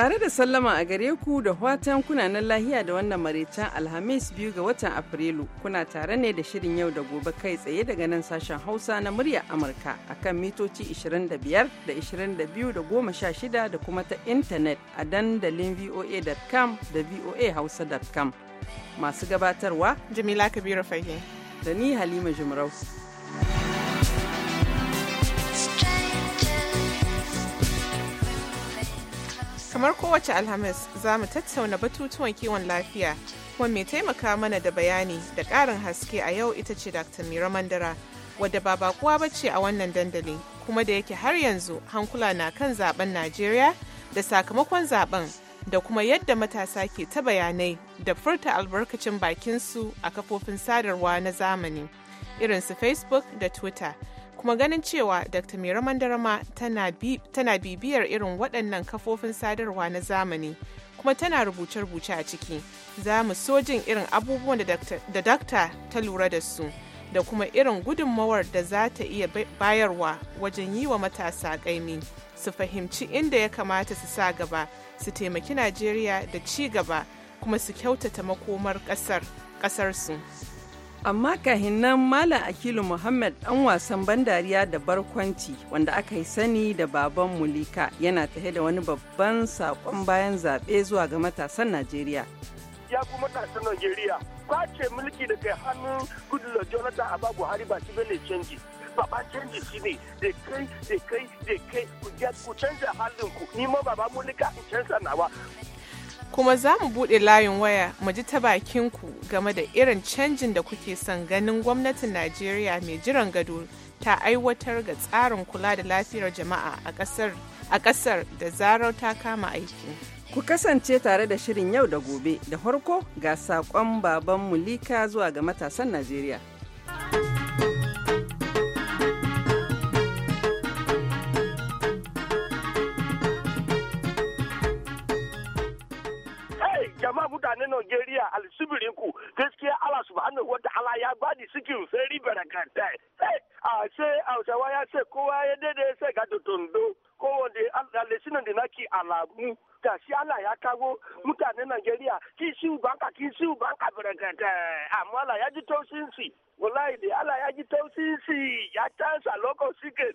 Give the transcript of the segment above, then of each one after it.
Tare da sallama a gare ku da watan kunanan lahiya da wannan maraicen Alhamis biyu ga watan Afrilu kuna tare ne da shirin yau da gobe kai tsaye daga nan sashen Hausa na murya Amurka akan mitoci 25 da 22 da 16 da kuma ta intanet a dandalin voa.com da voahausa.com. Masu gabatarwa Jamila Kabiru Fage da ni Halima jimarau kamar kowace alhamis za mu tattauna batutuwan kiwon lafiya kuma mai taimaka mana da bayani da ƙarin haske a yau ita ce dr mira mandara wadda ba bakuwa ba ce a wannan dandali kuma da yake har yanzu hankula na kan zaben najeriya da sakamakon zaben da kuma yadda matasa ke ta bayanai da furta albarkacin bakinsu a kafofin sadarwa na zamani irin su facebook da twitter kuma ganin cewa dr mera mandarama tana bibiyar irin waɗannan kafofin sadarwa na zamani kuma tana rubuce-rubuce a ciki za mu so jin irin abubuwan da dakta ta lura da su da kuma irin gudunmawar da za ta iya bayarwa wajen yi wa matasa ƙaimi su fahimci inda ya kamata su sa gaba su taimaki najeriya da ci gaba kuma su kyautata makomar ƙasarsu. amma kahin nan malam akilu muhammad dan wasan bandariya da barkwanci wanda aka yi sani da baban mulika yana tahe da wani babban sakon bayan zaɓe zuwa ga matasan najeriya ya kuma matasan najeriya kwace mulki da kai hannun goodluck jonathan abba buhari ba shi bane canji baba canji shi ne da kai da kai da kai ku canza halin ku ni ma baba mulika in canza nawa kuma za mu buɗe layin waya mu ji ta bakin ku game da irin canjin da kuke son ganin gwamnatin Najeriya mai jiran gado ta aiwatar ga tsarin kula da lafiyar jama'a a ƙasar da zarar ta kama aiki. Ku kasance tare da shirin yau da gobe da farko ga saƙon baban mulika zuwa ga matasan Najeriya. Najeriya alsibirin ku gaskiya Allah subhanahu wata'ala ya bani sikin sai ribarakatai. A ce Hausawa ya ce kowa ya daidai sai ga tondo kowane alisinan da naki alamu ga shi Allah ya kawo mutanen Najeriya kishiyu banka kishiyu banka barakatai amma Allah ya ji taushin si wallahi da Allah ya ji taushin si ya tansa lokaci ke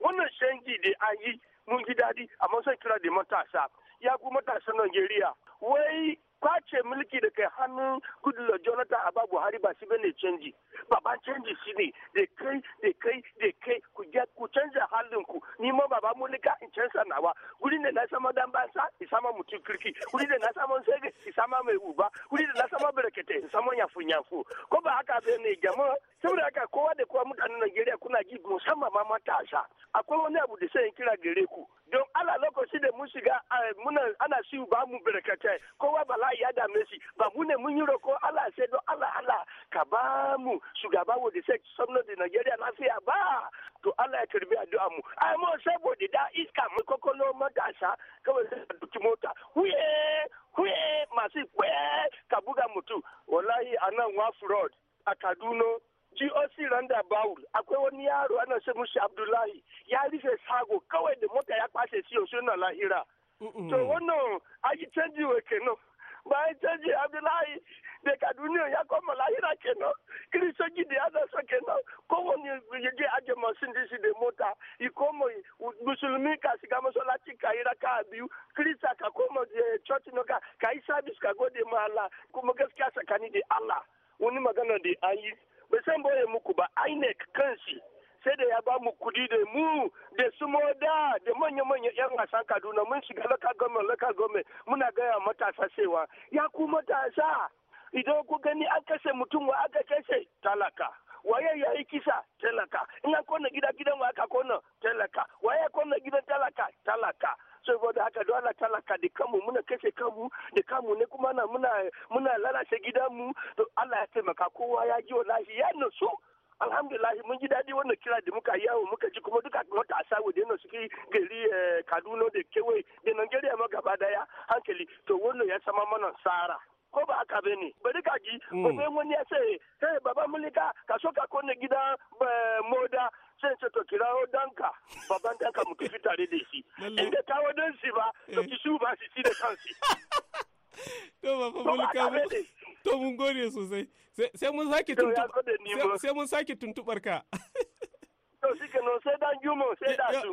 wannan shangi da an yi mun ji daɗi amma sai kira da matasa ya ku matasan Najeriya wai kwace mulki da kai hannun gudula jonathan abba buhari ba shi bane canji baban canji shi ne da kai da kai da kai ku ku canja halin ku ni ma baba mulika in canza nawa guri da na sama dan bansa in sama mutum kirki guri da na sama sai in sama mai uba guri da na sama barkete in sama yafu yafu ko ba haka bane jama'a saboda haka kowa da kowa mutanen Najeriya kuna ji musamman ma matasa akwai wani abu da sai kira gare ku don ala lokaci da mun shiga muna ana shi ba mu barkatai kowa bala'i ya dame shi ba mu ne mun yi roko Allah sai don Allah ka ba mu shugaba wa da sai da Najeriya lafiya ba to Allah ya karbi addu'a mu ai mu saboda da iska mu kokolo matasa kawai sai duki mota huye huye masu kwe ka buga mutu wallahi anan wa coc Randa Bawul akwai wani yaro ana ce mushi Abdullahi ya rufe sago kawai da mota ya kwashe shi yau na lahira. To wannan aji canji wa kenan. Bayan canji Abdullahi da Kaduna ya koma lahira kenan. Kirisoji gidi ya zasa kenan. Kowane yage aje masu da da mota. I koma musulmi ka shiga lati ka yi raka biyu. Kirista ka koma eh, church ka ka yi service ka gode ma Allah. Kuma gaskiya tsakani da Allah. Wani magana da an yi zan boye muku ba INEC kansi sai da ya ba mu kudi da mu da su moda da manya-manya 'yan wasa kaduna mun shiga laka gome laka gome muna gaya matasa cewa ya ku matasa idan ku gani an kashe mutum wa aka kashe talaka waye ya yi kisa talaka in an kona gida gidan wa aka kona talaka waye kona gidan talaka talaka saboda haka dole talaka da kanmu muna kashe kanmu da kanmu ne kuma muna muna lalace gidanmu to Allah ya taimaka kowa ya ji wallahi ba mm. sai wani ya ce sai baba mulika ka so ka kone gidan eh, moda sai ce to kirawo danka baban danka mu tafi tare da shi inda don shi ba to eh. ba shi shi da kansi to baba mulika to mun gode sosai sai mun sake tuntubar sai mun sake tuntubar ka to shi sai dan jumo sai da su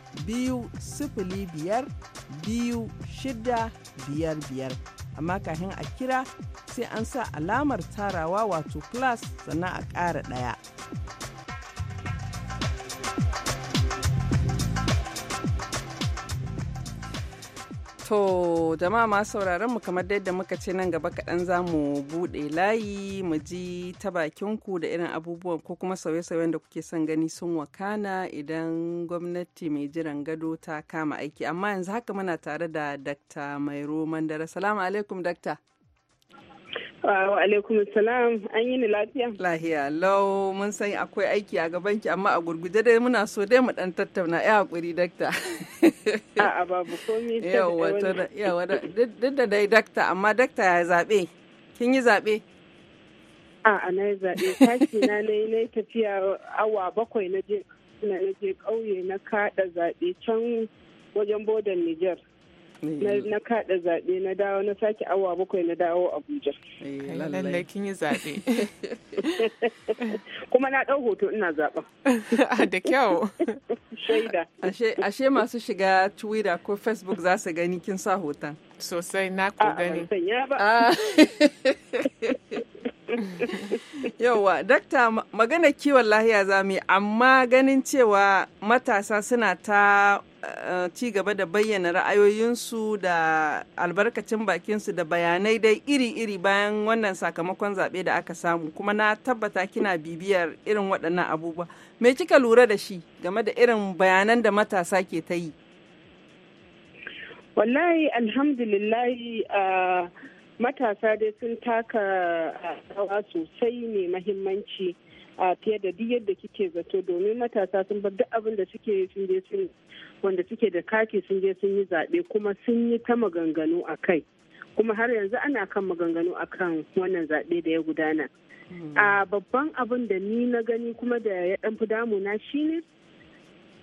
biyu sifili biyar biyu shida biyar biyar amma kafin a kira sai an sa alamar tarawa wato class sannan a ƙara ɗaya. To jama'a masu sauraron mu kamar yadda muka ce nan gaba kaɗan za mu buɗe layi mu ji ta bakinku da irin abubuwan ko kuma sauye-sauyen da kuke son gani sun wakana idan gwamnati mai jiran gado ta kama aiki. Amma yanzu haka muna tare da Dr. Mairo Mandara. Salamu alaikum Dr. Wa alaikum salam an yi ni lafiya. Lahiya lau mun san akwai aiki a gaban ki amma a gurguje dai muna so dai mu dan tattauna ya hakuri dakta. A'a babu komai. Yawa to yawa duk da dai dakta amma dakta ya zabe. Kin yi zabe? A'a na yi zabe tashi na ne nayi tafiya awa bakwai na je na je kauye na kada zabe can wajen bodan Niger. na kada zaɓe na dawo na sake awa bakwai na dawo abuja lallai kin yi zaɓe kuma na ɗau hoto ina zaɓen da kyau shaida ashe masu shiga twitter ko facebook za su gani kin sa hoton sosai na ku gani ah. Yauwa, dakta magana kiwon lahiya za mu yi, amma ganin cewa matasa suna ta Eh, ci gaba da bayyana ra'ayoyinsu da albarkacin bakinsu da bayanai dai iri-iri bayan wannan sakamakon zaɓe da aka samu kuma na tabbata kina bibiyar irin waɗannan abubuwa me kika lura da shi game da irin bayanan da matasa ke ta yi wallahi alhamdulillahi eh, matasa dai sun taka rawa sosai ne mahimmanci. a fiye da duk yadda kike zato domin matasa sun bar duk abin da suke sun je sun wanda suke da kati sun je sun yi zaɓe kuma sun yi ta maganganu a kai kuma har yanzu ana kan maganganu a kan wannan zaɓe da ya gudana hmm. a babban abin da ni na gani kuma da ya ɗan fi damuna shine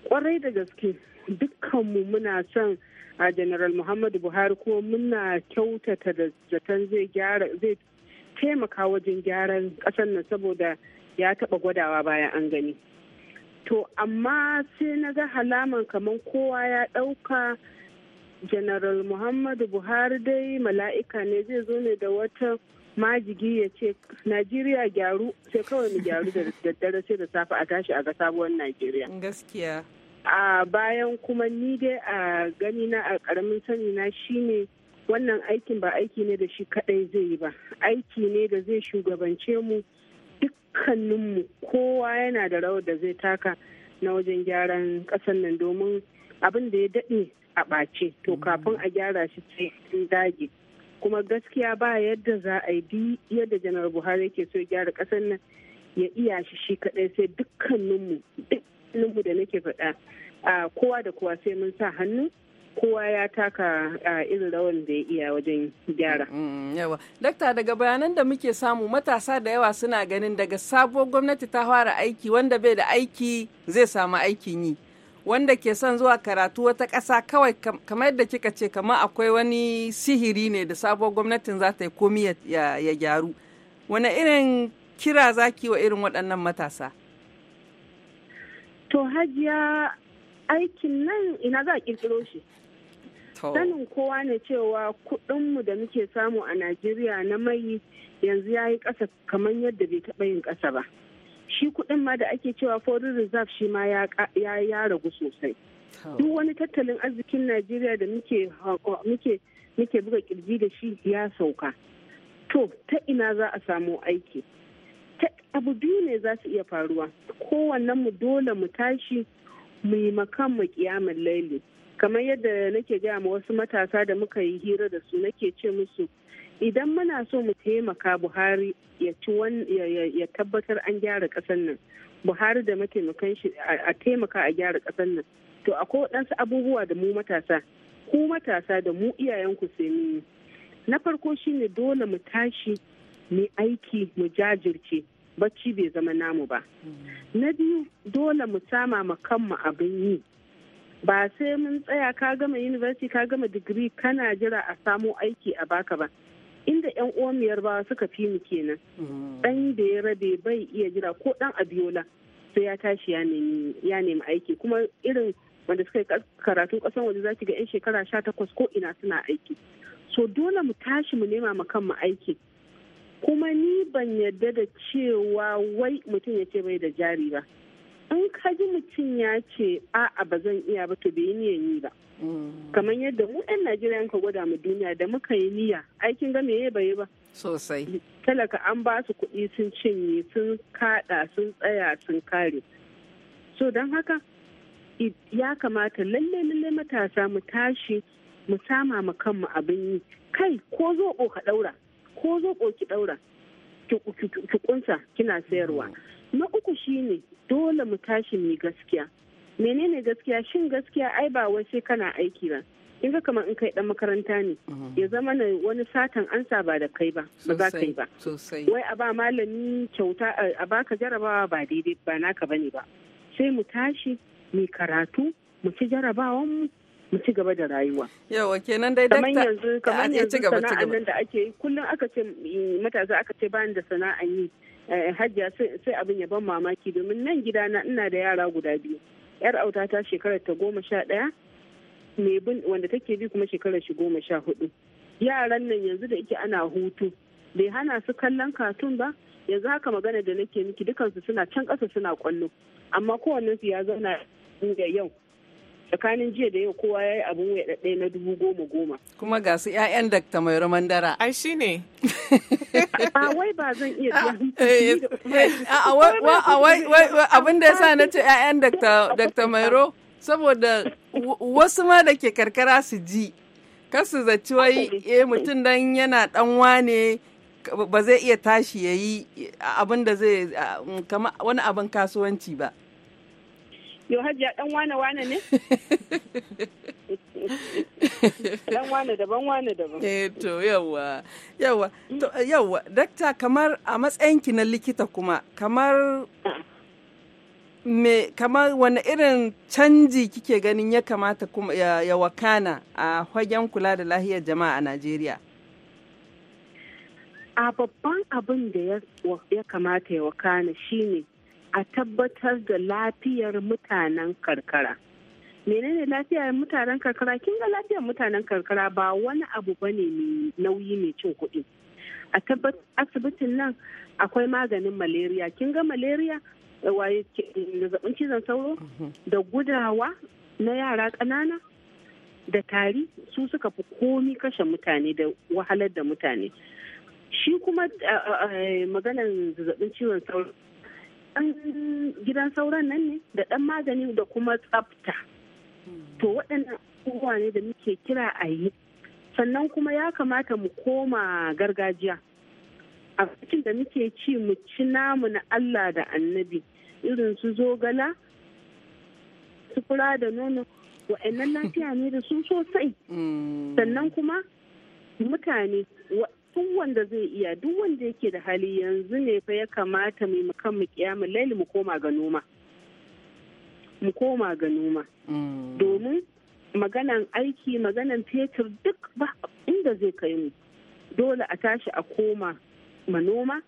kwarai da gaske dukkanmu muna son a general muhammadu buhari kuma muna kyautata da zaton zai taimaka wajen gyaran ƙasar nan saboda ya taɓa gwadawa bayan an gani to amma sai na ga halaman kamar kowa ya ɗauka general muhammadu buhari dai mala'ika ne zai zo ne da wata majigi ya ce najeriya gyaru sai kawai mu gyaru da daddare sai da safe a tashi a ga sabuwar najeriya gaskiya a bayan kuma ni dai a gani na a karamin sani na shine wannan aikin ba aiki ne da shi kadai zai yi ba aiki ne da zai shugabance mu dukkaninmu kowa yana da rawar da zai taka na wajen gyaran ƙasar nan domin abin da ya daɗe a ɓace to mm. kafin a gyara shi sai sun dage kuma gaskiya ba yadda za a yi yadda janar buhari yake so gyara ƙasar nan ya iya shi shi kaɗai sai dukkaninmu dukkaninmu da nake faɗa kowa da kowa sai mun sa hannu kowa ya taka irin rawan da ya iya wajen gyara. Mm, yawa. Dakta daga bayanan da muke samu matasa da yawa suna ganin daga sabuwar gwamnati ta fara aiki wanda bai da aiki zai samu aikin yi. Wanda ke son zuwa karatu wata ƙasa kawai kamar yadda kika ce kamar akwai wani sihiri ne da sabuwar gwamnatin za ta yi komi ya gyaru. Wane irin kira za ki wa irin waɗannan matasa? To hajiya aikin nan ina za a ƙirƙiro shi Sanin kowa ne cewa kuɗinmu da muke samu a Najeriya na mai yanzu ya yi ƙasa kamar yadda bai taɓa yin ƙasa ba. Shi kuɗin ma da ake cewa foreign reserve shi ma ya ragu sosai. Duk wani tattalin arzikin Najeriya da muke muke buga kirji da shi ya sauka. To, ta ina za a samu aiki? abu biyu ne za su iya faruwa kowannen mu dole mu tashi mu yi makan mu kiyamin laili kamar yadda nake gaya ma wasu matasa da muka yi hira da su nake ce musu idan muna so mu taimaka buhari ya ci ya tabbatar an gyara ƙasar nan buhari da mataimakan shi a taimaka a gyara ƙasar nan to akwai waɗansu abubuwa da mu matasa ku matasa da mu iyayenku sai mu na farko shine dole mu tashi mu aiki mu jajirce bacci bai zama namu ba mm. na biyu dole mu sama ma kanmu abin yi ba sai mun tsaya ka gama university ka gama digiri kana jira a samo aiki a baka ba inda yan uwan bawa suka fi mu kenan dan mm. da ya rabe bai iya jira ko dan abiola sai ya tashi ya nemi aiki kuma irin wanda suka yi karatun kasan waje zaki ga yan shekara sha ko ina suna aiki so dole mu tashi mu nema ma mu aiki kuma ni ban yarda da cewa wai mutum ya ce bai da jari ba in ka ji mutum ya ce a'a ba zan iya ba to bai yi niyan yi ba mm. kamar yadda mu yan najeriya ka gwada mu duniya da muka yi niyya aikin ga meye bai ba sosai talaka an ba su kuɗi sun cinye sun kaɗa sun tsaya sun kare so don haka ya kamata lalle lalle matasa mu tashi mu sama mu kanmu abin yi kai ko zoɓo ka ɗaura ko zoɓo ki ɗaura ki kunsa kina sayarwa mm. na uku shine dole mu tashi mai gaskiya menene gaskiya shin gaskiya ai ba wai sai kana aiki ba in ka kamar in kai dan makaranta ne mhm. ya zama na wani satan ansa ba da kai ba ba za ka yi ba wai a ba malami kyauta a baka jarabawa ba daidai ba naka bane ba sai mu tashi mu karatu mu ci jarabawan mu mu ci gaba da rayuwa. Yawa kenan dai dakta. Kamar yanzu kamar yanzu sana'an nan da ake yi kullum aka ce mm, matasa aka ce bani da sana'an yi Eh, hajja sai abin ya ban mamaki domin nan gidana ina da yara guda biyu yar auta ta shekarar ta goma sha ɗaya wanda take bi kuma shekarar shi goma sha hudu yaran nan yanzu da ike ana hutu bai hana su kallon katun ba yanzu haka magana da nake miki dukansu suna can ƙasa suna kwallo amma kowannensu ya zauna da yau tsakanin jiya da yau kowa ya yi abin waya ɗaɗɗaya na dubu goma goma. Kuma ga su 'ya'yan Dr. mai Mandara. Ai shi ne. A wai ba zan iya abin da ya sa na ce 'ya'yan Dr. mairo saboda wasu ma da ke karkara su ji. Kasu zaci wai eh mutum dan yana dan wane ba zai iya tashi ya yi abin da zai mm, wani abin kasuwanci ba. Yau hajiya dan wane wane ne? Dan wane daban wane daban. Eh to yawa. Yawa. To yawa, dakta kamar a matsayinki na likita kuma kamar me kamar wani irin canji kike ganin ya kamata kuma ya, ya wakana a fagen kula da lahiyar jama'a a Najeriya? A babban abin da ya kamata ya wakana shine a tabbatar da lafiyar mutanen karkara menene lafiyar mutanen karkara kin ga lafiyar mutanen karkara ba wani abu bane mai nauyi mai cin kuɗi a tabbatar asibitin nan akwai maganin malaria kin ga malaria waye zaɓin cizon sauro mhm. da gudawa na yara ƙanana da tari su suka fi komi kashe mutane da wahalar da mutane shi kuma maganar zazzabin cizon sauro ɗan gidan sauran nan ne da ɗan magani da kuma tsafta to waɗannan abubuwa ne da muke kira a yi sannan kuma ya kamata mu koma gargajiya cikin da muke ci mu ci namu na Allah da annabi irin su zogala su fura da nono wa'annan lafiya ne da su sosai mm. sannan kuma mutane duk wanda zai iya duk wanda yake da hali yanzu ne fa ya kamata mu mu kan mu kiyama laili mu koma ga noma mu koma ga noma mm. domin maganan aiki maganan fetur duk ba inda zai kai mu dole a tashi a koma ma noma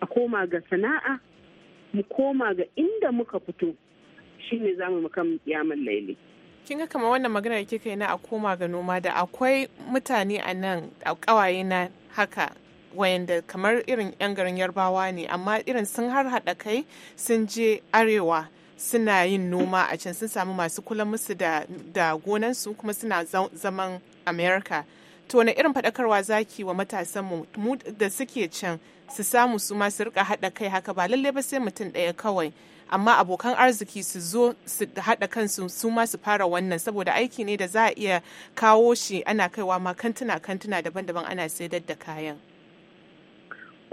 a koma ga sana'a mu koma ga inda muka fito shine za mu kan kiyaman laili kin ga kamar wannan magana da kika yi na a koma ga noma da akwai mutane a nan a ƙawayena. na haka wayanda kamar irin 'yan garin yarbawa ne amma irin sun har haɗa kai sun je arewa suna yin noma a can sun samu masu kula musu da, gonansu kuma suna zaman america to wani irin faɗakarwa zaki wa matasan mu da suke can su samu su ma su rika haɗa kai haka ba lallai ba sai mutum ɗaya kawai amma abokan arziki su zo su haɗa kansu su ma su fara wannan saboda aiki ne da za a iya kawo shi ana kaiwa ma kantuna kantuna daban-daban ana sayar da kayan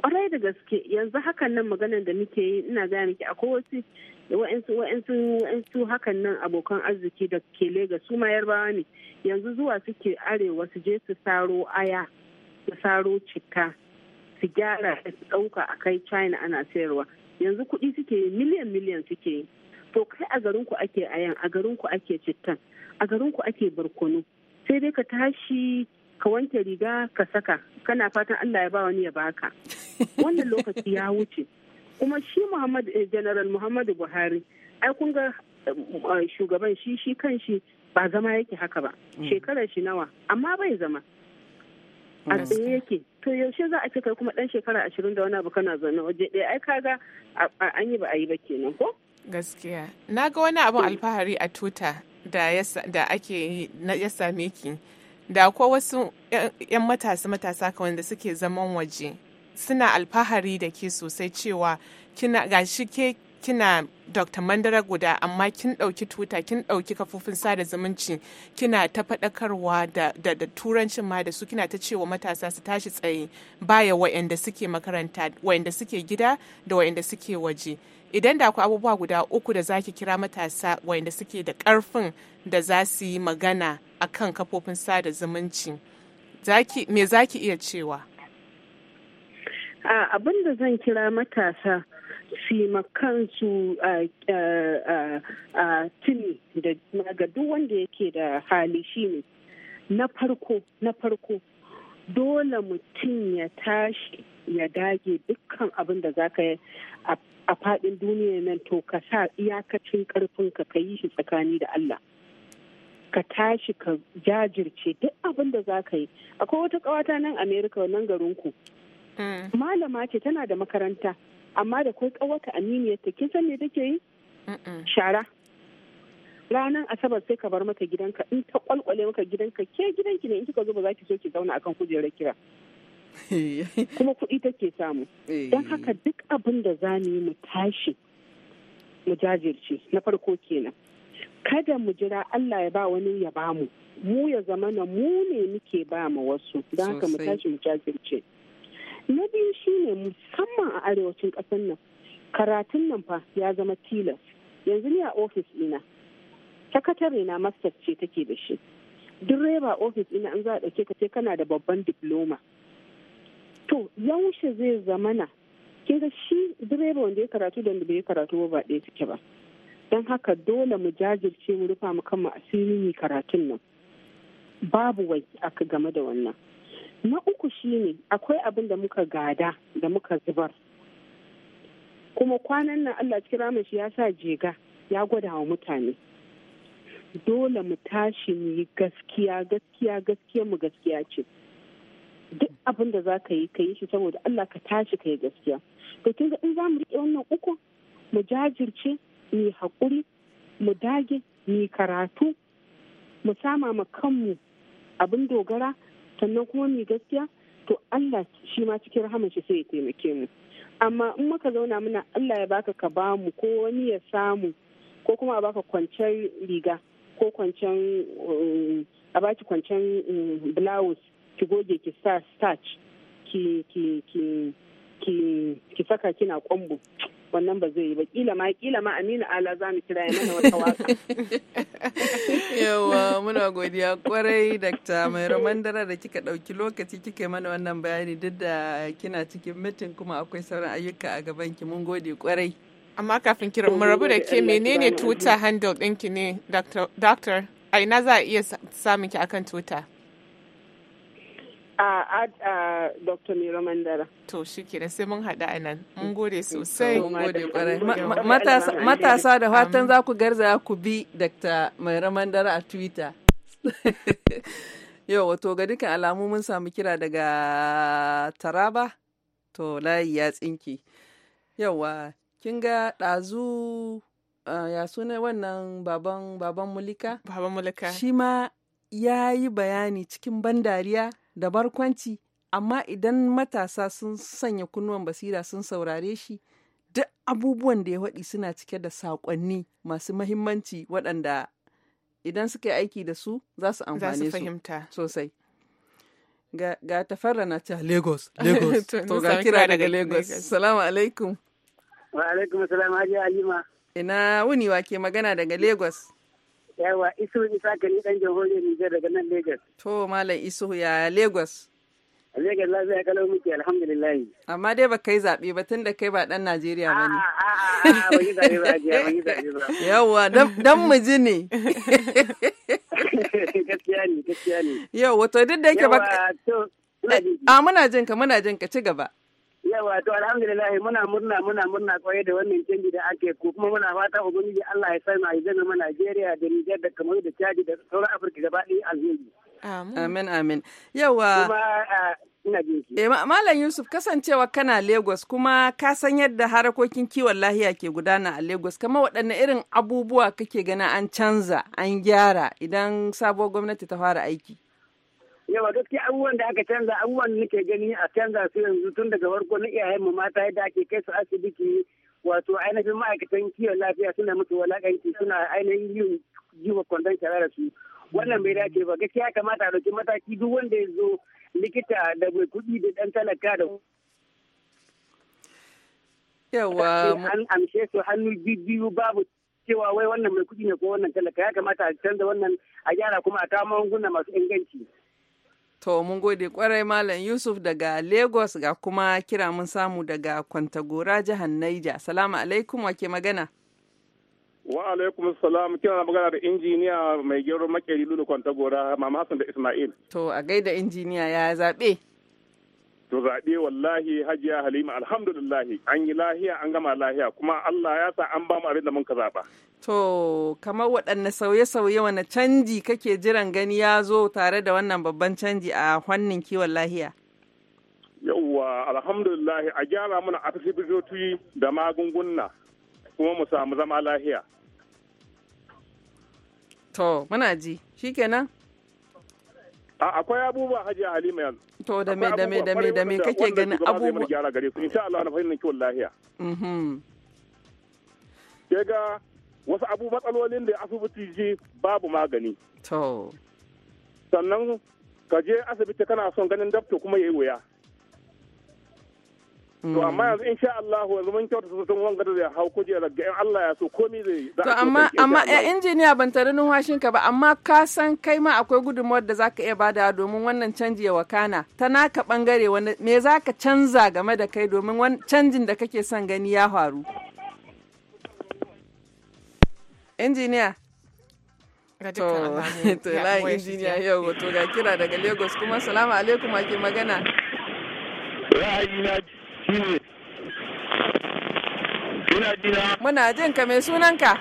kwarai da gaske yanzu hakan nan maganar da muke yi ina gaya miki akwai wasu wa'ansu wa'ansu wa'ansu hakan nan abokan arziki da ke lega su ma yarbawa ne yanzu zuwa suke arewa su je su saro aya su saro citta su gyara su ɗauka a kai China ana sayarwa yanzu kuɗi suke yi miliyan miliyan suke yi to kai a garinku ake ayan a garinku ake cittan a garinku ake barkono sai dai ka tashi ka wanke riga ka saka kana fatan Allah ya ba wani ya baka wannan lokaci ya wuce kuma shi Muhammad eh, General Muhammadu Buhari ai kun ga eh, shugaban shi shi kan shi ba zama yake haka ba mm. shekarar shi nawa amma bai zama a mm. tsaye yake to yaushe za a ce kai kuma dan shekara ashirin da wani abu kana zaune waje ɗaya ai kaga an yi ba a yi ba kenan ko gaskiya na ga wani abun alfahari a tuta da ake ya same ki da ko wasu yan matasa matasa ka wanda suke zaman waje suna alfahari da ke sosai cewa kina gashi ke kina Dr. Mandara guda amma kin ɗauki tuta kin ɗauki kafofin sada zumunci kina ta faɗakarwa da, da, da turancin ma da su kina ta cewa matasa su tashi tsaye baya wa'anda suke makaranta wa'anda suke gida da wa'anda suke waje idan da ku abubuwa guda uku da zaki kira matasa wa'anda suke da ƙarfin da za su yi magana akan kafofin sada zumunci zaki me zaki iya cewa abin da zan kira matasa su ma kansu tuni ga duk wanda yake da hali shine na farko na farko dole mutum ya tashi ya dage dukkan abin da za ka yi a fadin duniya nan to ka sa iyakacin karfin ka ka yi shi tsakani da Allah. ka tashi ka jajirce duk abin da za ka yi akwai wata ƙawata nan amerika nan garinku mm. malama ce tana da makaranta amma da kai kawata aminiyar ta kin san me take yi shara ranar asabar sai ka bar mata gidanka in ta kwalkwale maka gidanka ke gidanki ne in kika zo ba za ki so ki zauna akan kujerar kira kuma kuɗi take samu eh. don haka duk abin da za mu yi mu tashi mu jajirce na farko kenan kada mu jira Allah ya ba wani ya ba mu mu ya zama na mu ne muke ba ma wasu don haka mu tashi mu jajirce na biyu shine musamman a arewacin ƙasar nan karatun nan fa ya zama tilas yanzu ni a ofis ina sakatare na master ce take da shi direba ofis ina an za a ɗauke ka ce kana da babban diploma to yaushe zai zamana kin ga shi direba wanda ya karatu da wanda bai karatu ba ɗaya suke ba don haka dole mu jajirce mu rufa mu kanmu asiri karatun nan babu wai aka game da wannan na uku shi ne akwai abin da muka gada da muka zubar kuma kwanan nan allah kira shi ya sa jega ya gwada wa mutane dole mu tashi mu yi gaskiya gaskiya gaskiya mu gaskiya ce duk abin da za ka yi ka yi shi saboda allah ka tashi ka yi gaskiya to kin ga in za mu riƙe wannan uku mu jajirce mu yi haƙuri mu dage mu yi karatu mu sama ma kanmu abin dogara sannan kuma mai gaskiya to Allah shi ma cikin rahama shi sai ya taimake mu amma in muka zauna muna Allah ya baka ka bamu ko wani ya samu ko kuma a baka kwancen riga ko kwancen um, a baki kwancen um, blouse ki goge ki starch ki ki ki ki saka kina kwambo wannan ba zai yi ba kila ma kila ma aminu ala za mu kira ya mana wata waka yawa muna godiya kwarai dakta mai ramandara da kika dauki lokaci kika yi mana wannan bayani duk da kina cikin mitin kuma akwai sauran ayyuka a gaban ki mun gode kwarai amma kafin kira mu rabu da ke menene twitter handle ɗinki ne dr a ina za a iya samun ki akan twitter a a dr miro mandara to shikenan sai mun haɗu a nan mun gode sosai matasa da fatan za ku garza ku bi dr miro mandara a twitter yau wato ga dukkan alamu mun samu kira daga taraba to layi ya tsinki yawa kin ga ɗazu ya suna wannan baban mulika baban mulika shi ma ya yi bayani cikin ban dariya da barkwanci amma idan matasa sun sanya kunnuwan basira sun saurare shi duk abubuwan da ya waɗi suna cike da saƙonni masu mahimmanci waɗanda idan suka yi aiki da su za su amfane su sosai ga, ga tafarra na ta lagos lagos to ga kira daga lagos salamu alaikum wa alaikum salam hajiya halima ina wuni wa ke magana daga lagos yawa isu isa kali dan jamhuriyar nijar daga nan lagos to malam isu ya lagos a lagos lafiya kalau muke alhamdulillah amma dai ba kai zaɓe ba tun da kai ba ɗan najeriya ba ne yawa dan mu ji ne gaskiya ne gaskiya ne yawa to duk da yake ba eh, a muna jinka muna jinka ci gaba yawa to alhamdulillah muna murna muna murna kwaye da wannan canji da ake ko kuma muna fata ubangiji Allah ya sa mai zama Najeriya da Niger da kamar da Chad da sauran Afirka gaba ɗaya alheri amin amin yawa Eh, Malam Yusuf kasancewa kana Lagos kuma ka san yadda harakokin kiwon lahiya ke gudana a Lagos kamar waɗanne irin abubuwa kake gana an canza an gyara idan sabuwar gwamnati ta fara aiki. yawa gaskiya abubuwan da aka canza abubuwan da nake gani a canza su yanzu tun daga farko na iyayen mu mata yadda ake kai su asibiti wato ainihin ma'aikatan kiwon lafiya suna musu walakanci suna ainihin yin jiwa kwandon shara su wannan bai dace ba gaskiya kamata a dauki mataki duk wanda ya zo likita da mai kuɗi da ɗan talaka da yawa an amshe su hannu biyu babu cewa wai wannan mai kuɗi ne ko wannan talaka ya kamata a canza wannan a gyara kuma a kawo magunguna masu inganci. To mun gode kwarai Malam Yusuf daga Lagos ga kuma kira mun samu daga Kwantagora jihar Naija. Salamu alaikum wake magana. Wa alaikum salam kina magana da injiniya mai gero makeri lulu Kwantagora Mama da Ismail. To a gaida injiniya ya zaɓe. to zaɓe wallahi hajiya halima alhamdulillahi an yi lahiya an gama lahiya kuma allah ya sa an bamu mu abin da mun ka zaɓa. to kamar waɗanne sauye-sauye wani canji kake jiran gani ya zo tare da wannan babban canji a fannin kiwon lahiya. yauwa alhamdulillahi a gyara mana asibitoci da magunguna kuma mu samu zama lahiya. to muna ji shikenan. akwai abubuwa hajiya halima yanzu. To da me da me da me da me kake ganin abubuwa. gyara gare su insha Allah na fahimtar kiwon lahiya. Ke mm-hmm. ga wasu abu matsalolin da asibiti ji babu magani. To. Sannan ka je asibiti kana son ganin dabto kuma yayi wuya. To mm. amma yanzu in sha Allah yanzu mun kyauta su sun wanga da zai hau kuje ga in Allah ya so komai zai yi. To amma amma ya injiniya ban tare numfashin ka ba amma ka san kai ma akwai gudunmawar da zaka iya bada domin wannan canji ya wakana ta naka bangare wani me zaka canza game da kai domin canjin da kake son gani ya faru. Injiniya. To, layin injiniya yau to ga kira daga Lagos kuma salamu alaikum ake magana. Ra'ayi na shine Ina jina. Muna jin ka mai sunanka?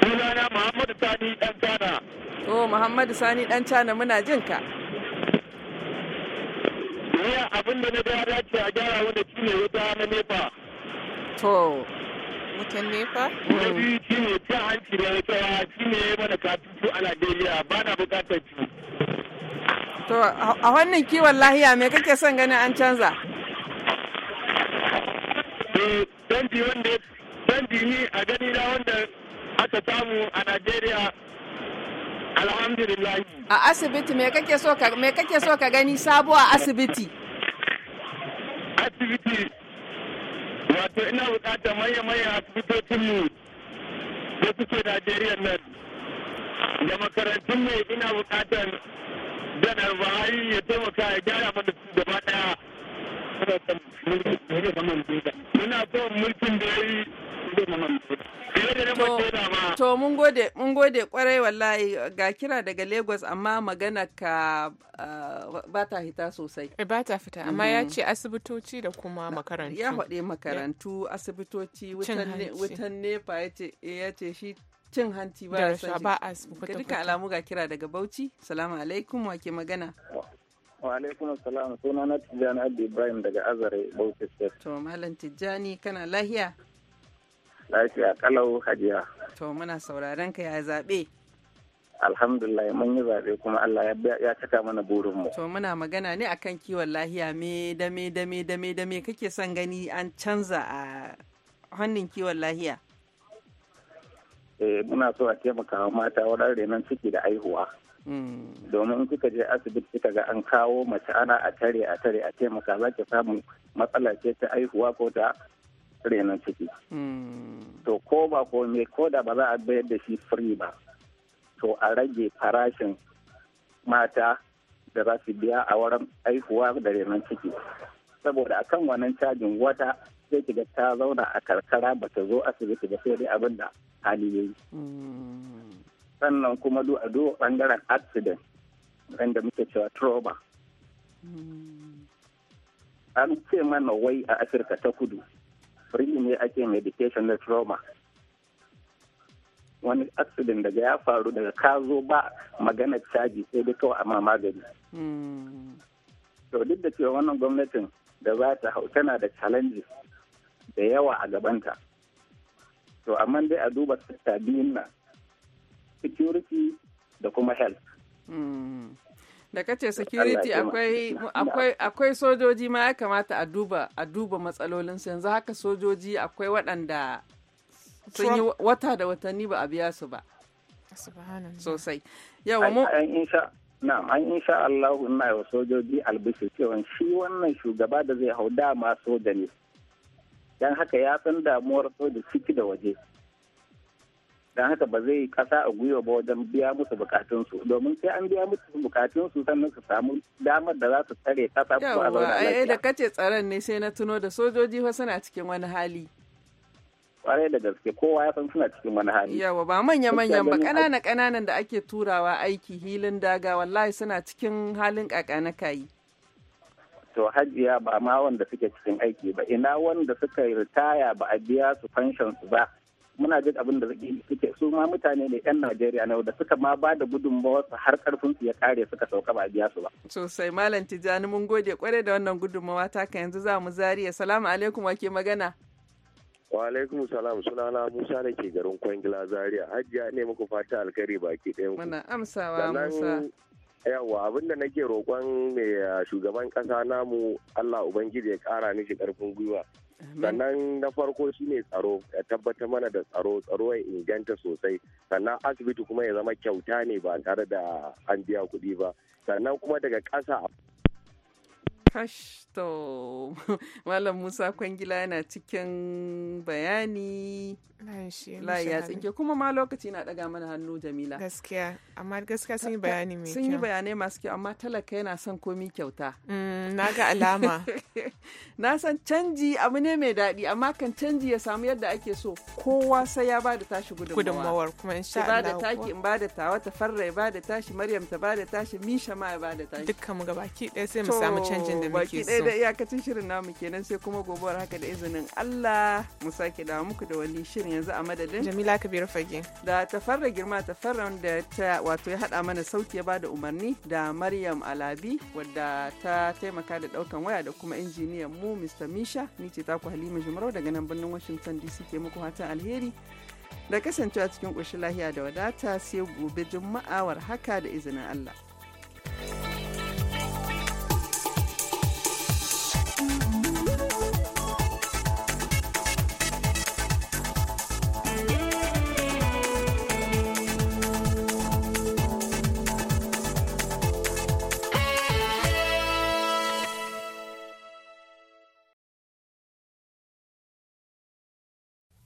Sunana Muhammadu Sani Dan Tana. To oh, Muhammadu Sani Dan Tana muna jin ka. Ni abin da na ga dace a gyara wanda shi ne wuta na nefa. To, wutan nefa? Wani shi ne ta hanci da ya tsawa shi ne mana katutu a Najeriya ba na bukatar To, a wannan kiwon lahiya me kake son ganin an canza? canji wanda ni a gani na wanda aka samu a Najeriya alhamdulillah. A asibiti me kake so ka gani sabo a asibiti? Asibiti wato ina bukatar manya-manyan mu da suke Najeriya nan. Da makarantun mai ina bukatar janar bahari ya taimaka ya gyara mana su gaba daya. muna mulkin To mun gode mun gode kwarai wallahi ga kira daga Lagos amma magana ka eh, ba ta hita sosai. Eh, ba ta fita amma ya mm-hmm. ce asibitoci da kuma makarantu. Ya haɗe makarantu asibitoci wutan nefa eh, ya ce shi cin hanci ba a san shi. duka alamu ga kira daga Bauchi. Salamu alaikum wa magana. Wa salam suna na Tijjani Abdi Ibrahim daga Azare Bauchi State. To Malam Tijjani kana lahiya? Lafiya kalau hajiya. To muna sauraron ka ya zaɓe. Alhamdulillah mun yi zaɓe kuma Allah ya cika mana burinmu. To muna magana ne akan kiwon lahiya me da me da me da me da me kake son gani an canza a hannun kiwon lahiya? Eh muna so a taimaka mata waɗanda nan ciki da aihuwa. domin kika je asibiti kika ga an kawo mace ana a tare a tare a taimaka za ki samu matsala ce ta aihuwa ko ta renon ciki to ko ba ko me ko da ba za a bayar da shi firi ba to a rage farashin mata da za su biya a wurin aihuwa da renon ciki saboda a kan wannan cajin wata sai ki ga ta zauna a karkara ba ta zo asibiti ba sai dai abin da hali yayi sannan kuma du a duba bangaren accident wanda muke cewa trauma hmm. an ce mana wai a afirka ta kudu free ne ake medication na trauma wani accident daga ya faru daga kazo ba magana caji sai da kawai amma magani hmm. to duk da cewa wannan gwamnatin da za ta hau tana da challenges da yawa a gabanta to amma dai a duba sassa biyun nan security da kuma health mm. da kace security akwai sojoji ma ya kamata a duba a duba matsalolin su yanzu haka sojoji akwai waɗanda sun yi wata da watanni ba a biya su ba sosai Na'am, an insha Allah ina yi wa sojoji albishir cewa shi wannan shugaba da zai hau dama soja ne. Don haka ya san damuwar soja ciki da waje. don haka ba zai kasa a gwiwa ba wajen biya musu bukatunsu domin sai an biya musu bukatunsu sannan su samu damar da za su tsare kasa ko a zauna lafiya. da kace tsaron ne sai na tuno da sojoji fa suna cikin wani hali. kwarai da gaske kowa ya san suna cikin wani hali. Yawa ba manya manyan ba ƙanana ƙananan da ake turawa aiki hilin daga wallahi suna cikin halin ƙaƙa na kayi. to hajiya ba ma wanda suke cikin aiki ba ina wanda suka ritaya ba a biya su fanshon su ba muna jin abin da suke su ma mutane ne yan Najeriya na da suka ma ba da gudunmawar su har karfin su ya kare suka sauka ba biya su ba. Sosai Malam Tijjani mun gode kwarai da wannan gudunmawa taka yanzu za mu zariya. Salamu alaikum wake magana. Wa alaikum salam sunana Musa da ke garin Kwangila Zaria. hajjiya ne muku fata alkhairi baki ɗayan ku. Muna amsawa Musa. yawwa abin da nake roƙon mai eh, shugaban ƙasa namu Allah Ubangiji ya ƙara nishi ƙarfin gwiwa sannan na farko shine tsaro ya tabbatar mana da tsaro tsaro ya inganta sosai sannan asibiti kuma ya zama kyauta ne ba tare da an biya kuɗi ba sannan kuma daga ƙasa Hash to Malam Musa Kwangila yana cikin bayani. Layi ya tsinke kuma ma lokaci na ɗaga mana hannu Jamila. Gaskiya, amma gaskiya sun yi bayani mai kyau. Sun yi bayanai masu kyau amma talaka yana son komi kyauta. Mm, na ga alama. Na san canji abu ne mai daɗi amma kan canji ya samu yadda ake so kowa sai ya ba da tashi gudunmawar. kuma insha Allah. Ba da taki in ba da tawa ta farra ya ba da tashi Maryam ta ba da tashi Misha ma ya ba da tashi. Dukkan mu gabaki ɗaya sai mu samu canjin shirin da da iyakacin shirin namu kenan sai kuma gobuwar haka da izinin Allah mu sake da muku da wani shirin yanzu a madadin. Jamila Kabir Fage. Da tafarra girma tafarra da ta wato ya haɗa mana sauti ya bada umarni da Maryam Alabi wadda ta taimaka da ɗaukan waya da kuma injiniyan mu Mr. Misha ni ce ta ku Halima Jumarau daga nan birnin Washington DC ke muku hatan alheri. Da kasancewa cikin ƙoshin lahiya da wadata sai gobe juma'awar haka da izinin Allah.